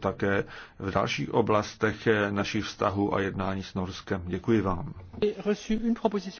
také v dalších oblastech našich vztahů a jednání s Norskem. Děkuji vám.